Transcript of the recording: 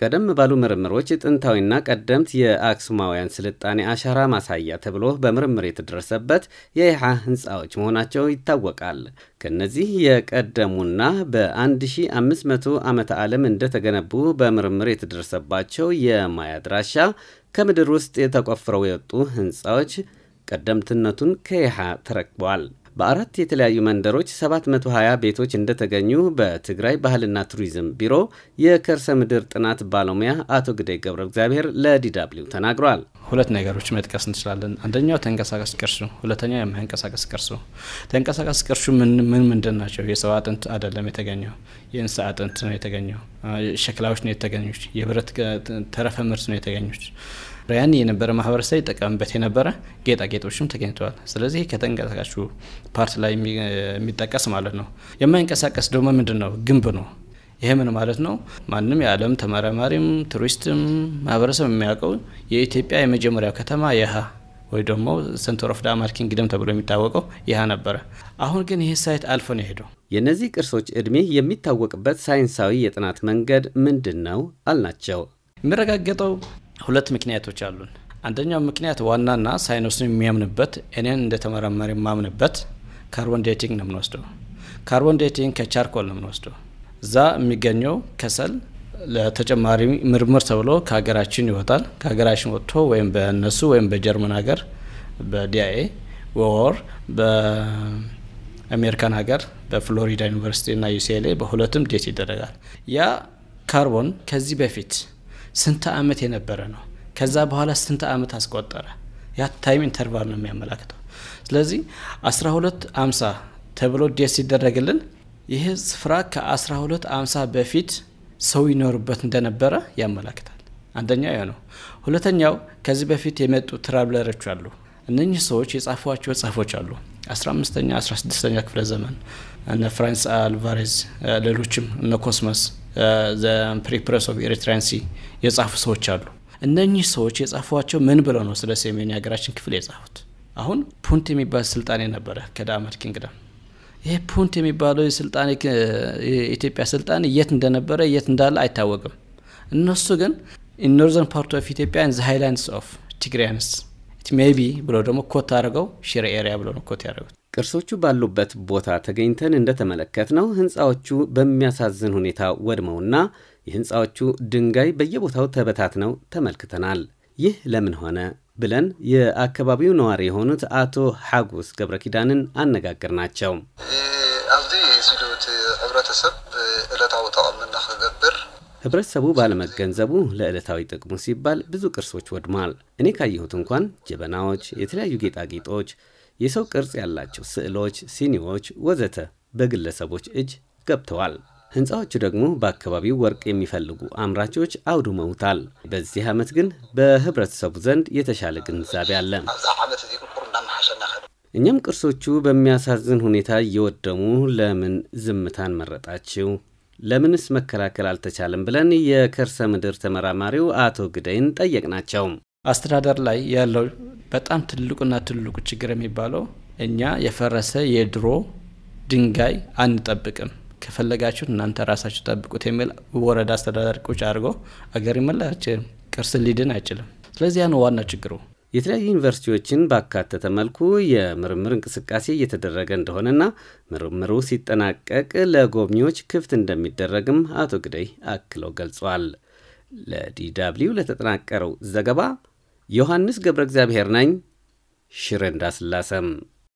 ቀደም ባሉ ምርምሮች ጥንታዊና ቀደምት የአክሱማውያን ስልጣኔ አሻራ ማሳያ ተብሎ በምርምር የተደረሰበት የይሓ ህንፃዎች መሆናቸው ይታወቃል። ከነዚህ የቀደሙና በ1500 ዓመተ ዓለም እንደተገነቡ በምርምር የተደረሰባቸው የማያ አድራሻ ከምድር ውስጥ የተቆፍረው የወጡ ህንፃዎች ቀደምትነቱን ከይሓ ተረክበዋል። በአራት የተለያዩ መንደሮች 720 ቤቶች እንደተገኙ በትግራይ ባህልና ቱሪዝም ቢሮ የከርሰ ምድር ጥናት ባለሙያ አቶ ግደይ ገብረ እግዚአብሔር ለዲዳብሊው ተናግሯል። ሁለት ነገሮች መጥቀስ እንችላለን። አንደኛው ተንቀሳቃሽ ቅርሱ፣ ሁለተኛው የማይንቀሳቀስ ቅርሱ። ተንቀሳቃሽ ቅርሱ ምን ምንድን ናቸው? የሰው አጥንት አይደለም የተገኘው፣ የእንስሳ አጥንት ነው የተገኘው። ሸክላዎች ነው የተገኙች። የብረት ተረፈ ምርት ነው የተገኙች። ያን የነበረ ማህበረሰብ ይጠቀምበት የነበረ ጌጣጌጦችም ተገኝተዋል። ስለዚህ ከተንቀሳቃሹ ፓርት ላይ የሚጠቀስ ማለት ነው። የማይንቀሳቀስ ደግሞ ምንድን ነው? ግንብ ነው። ይሄ ምን ማለት ነው? ማንም የዓለም ተመራማሪም ቱሪስትም ማህበረሰብ የሚያውቀው የኢትዮጵያ የመጀመሪያው ከተማ የሃ ወይ ደግሞ ሴንተር ኦፍ ዳማር ኪንግደም ተብሎ የሚታወቀው ይህ ነበረ። አሁን ግን ይህ ሳይት አልፎ ነው ሄደው። የእነዚህ ቅርሶች ዕድሜ የሚታወቅበት ሳይንሳዊ የጥናት መንገድ ምንድን ነው አልናቸው። የሚረጋገጠው ሁለት ምክንያቶች አሉን። አንደኛው ምክንያት ዋናና ሳይንሱን የሚያምንበት እኔን እንደተመራመረ የማምንበት ካርቦን ዴቲንግ ነው የምንወስደው። ካርቦን ዴቲንግ ከቻርኮል ነው የምንወስደው። እዛ የሚገኘው ከሰል ለተጨማሪ ምርምር ተብሎ ከሀገራችን ይወጣል። ከሀገራችን ወጥቶ ወይም በእነሱ ወይም በጀርመን ሀገር በዲአይኤ ወር በአሜሪካን ሀገር በፍሎሪዳ ዩኒቨርሲቲ እና ዩሲኤልኤ በሁለትም ዴት ይደረጋል። ያ ካርቦን ከዚህ በፊት ስንት አመት የነበረ ነው። ከዛ በኋላ ስንት አመት አስቆጠረ። ያ ታይም ኢንተርቫል ነው የሚያመላክተው። ስለዚህ 1250 ተብሎ ደስ ሲደረግልን ይህ ስፍራ ከ1250 በፊት ሰው ይኖሩበት እንደነበረ ያመላክታል። አንደኛ ያ ነው። ሁለተኛው ከዚህ በፊት የመጡ ትራብለሮች አሉ። እነኚህ ሰዎች የጻፏቸው መጽሐፎች አሉ። 15ኛ 16ኛ ክፍለ ዘመን እነ ፍራንስ አልቫሬዝ ሌሎችም እነ ኮስመስ ፕሪፕረስ ኦፍ ኤሪትራያን ሲ የጻፉ ሰዎች አሉ። እነኚህ ሰዎች የጻፏቸው ምን ብለው ነው ስለ ሰሜን የሀገራችን ክፍል የጻፉት? አሁን ፑንት የሚባል ስልጣኔ ነበረ ከዳመድ ኪንግደም። ይህ ፑንት የሚባለው የስልጣኔ የኢትዮጵያ ስልጣኔ የት እንደነበረ የት እንዳለ አይታወቅም። እነሱ ግን ኖርዘርን ፓርት ኦፍ ኢትዮጵያ ዘ ሃይላንድስ ኦፍ ቲግራያንስ ሜቢ ብሎ ደግሞ ኮት አድርገው ሽሬ ኤሪያ ብሎ ነው ኮት ያደረጉት። ቅርሶቹ ባሉበት ቦታ ተገኝተን እንደተመለከትነው ህንፃዎቹ በሚያሳዝን ሁኔታ ወድመውና የህንፃዎቹ ድንጋይ በየቦታው ተበታትነው ተመልክተናል። ይህ ለምን ሆነ ብለን የአካባቢው ነዋሪ የሆኑት አቶ ሐጉስ ገብረ ኪዳንን አነጋገር ናቸው። ኣብዚ ሕብረተሰብ ህብረተሰቡ ባለመገንዘቡ ለዕለታዊ ጥቅሙ ሲባል ብዙ ቅርሶች ወድመዋል። እኔ ካየሁት እንኳን ጀበናዎች፣ የተለያዩ ጌጣጌጦች፣ የሰው ቅርጽ ያላቸው ስዕሎች፣ ሲኒዎች፣ ወዘተ በግለሰቦች እጅ ገብተዋል። ህንፃዎቹ ደግሞ በአካባቢው ወርቅ የሚፈልጉ አምራቾች አውድመውታል። በዚህ ዓመት ግን በህብረተሰቡ ዘንድ የተሻለ ግንዛቤ አለ። እኛም ቅርሶቹ በሚያሳዝን ሁኔታ እየወደሙ ለምን ዝምታን መረጣችው? ለምንስ መከላከል አልተቻለም ብለን የከርሰ ምድር ተመራማሪው አቶ ግደይን ጠየቅናቸው። አስተዳደር ላይ ያለው በጣም ትልቁና ትልቁ ችግር የሚባለው እኛ የፈረሰ የድሮ ድንጋይ አንጠብቅም፣ ከፈለጋችሁ እናንተ ራሳችሁ ጠብቁት የሚል ወረዳ አስተዳደር ቁጭ አድርጎ አገር ይመላ ቅርስ ሊድን አይችልም። ስለዚህ ያን ዋና ችግሩ የተለያዩ ዩኒቨርሲቲዎችን ባካተተ መልኩ የምርምር እንቅስቃሴ እየተደረገ እንደሆነና ምርምሩ ሲጠናቀቅ ለጎብኚዎች ክፍት እንደሚደረግም አቶ ግደይ አክለው ገልጿል። ለዲደብልዩ ለተጠናቀረው ዘገባ ዮሐንስ ገብረ እግዚአብሔር ነኝ ሽረ እንዳስላሰም